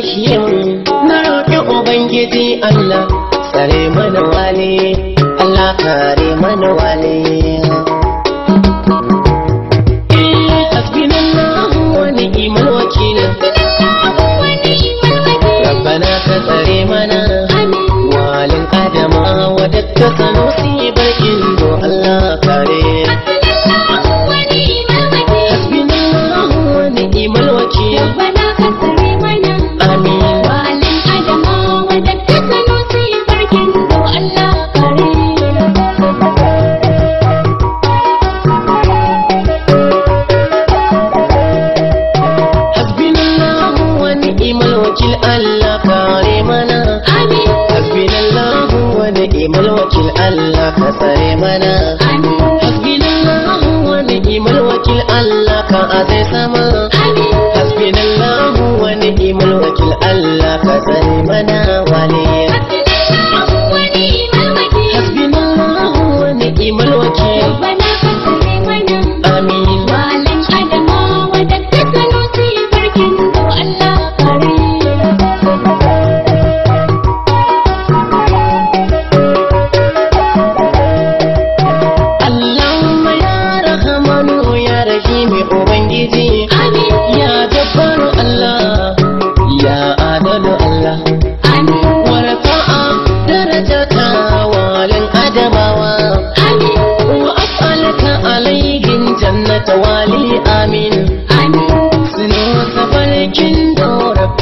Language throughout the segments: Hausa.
makiyan na roƙi ubangiji Allah tsare mana wale Allah kare mana wale roƙin Allah ka tsare mana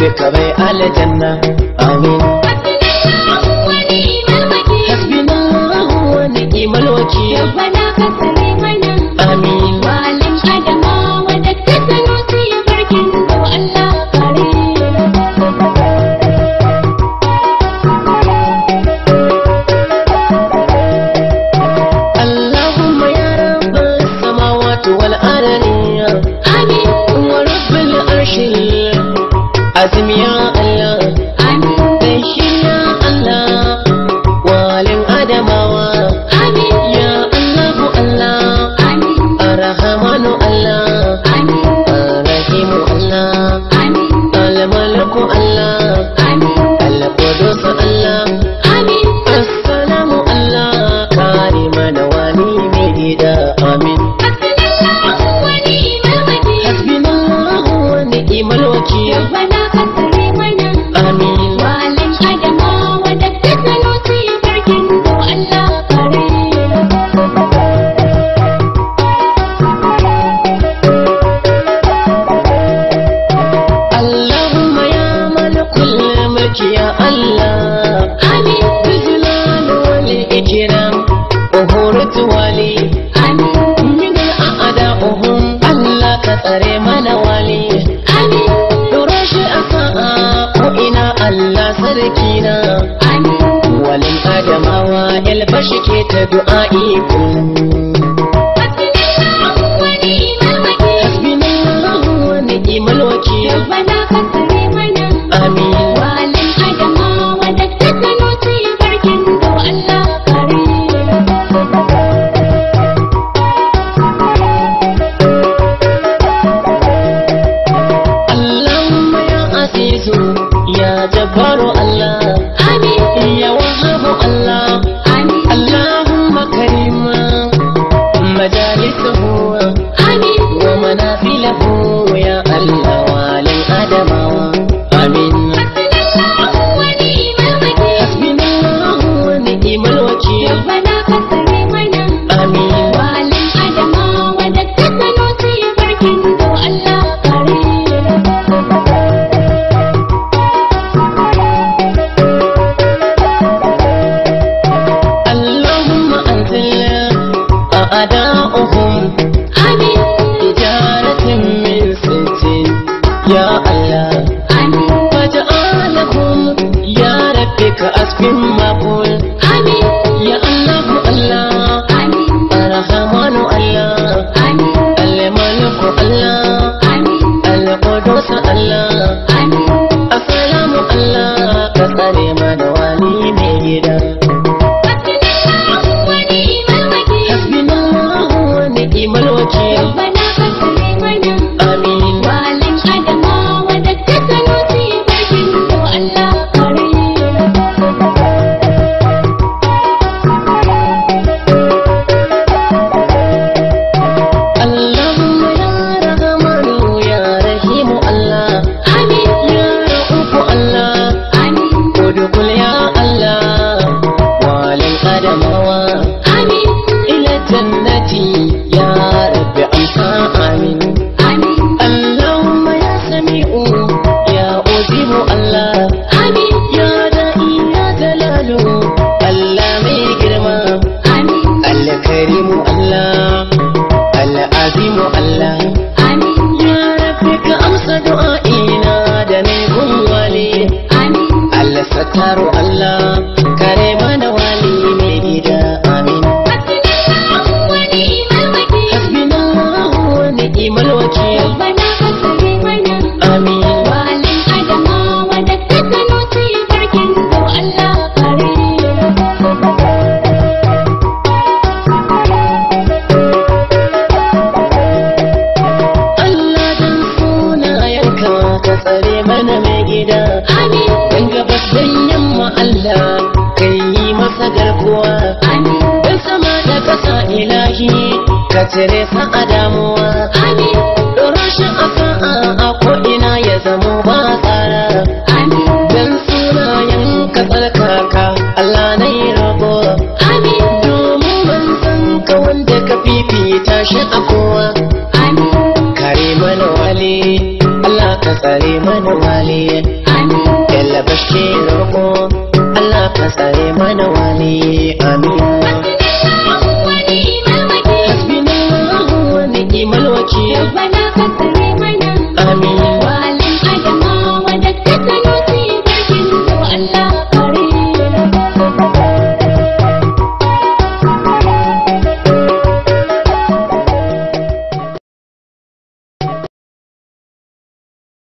duka mai aljanna amin a ada uhun Allah ka tsare mana wali dora shi a sa'a ko ina Allah sarkina walin adamawa yalba shi ke ta du'a kun yeah. Thank you. la cire ka a damuwa amin rashin a ko'ina ya zama ba tsara amin dan sunayen ka kaka Allah na yi rabo domin ban san ka wanda ka fifita shi a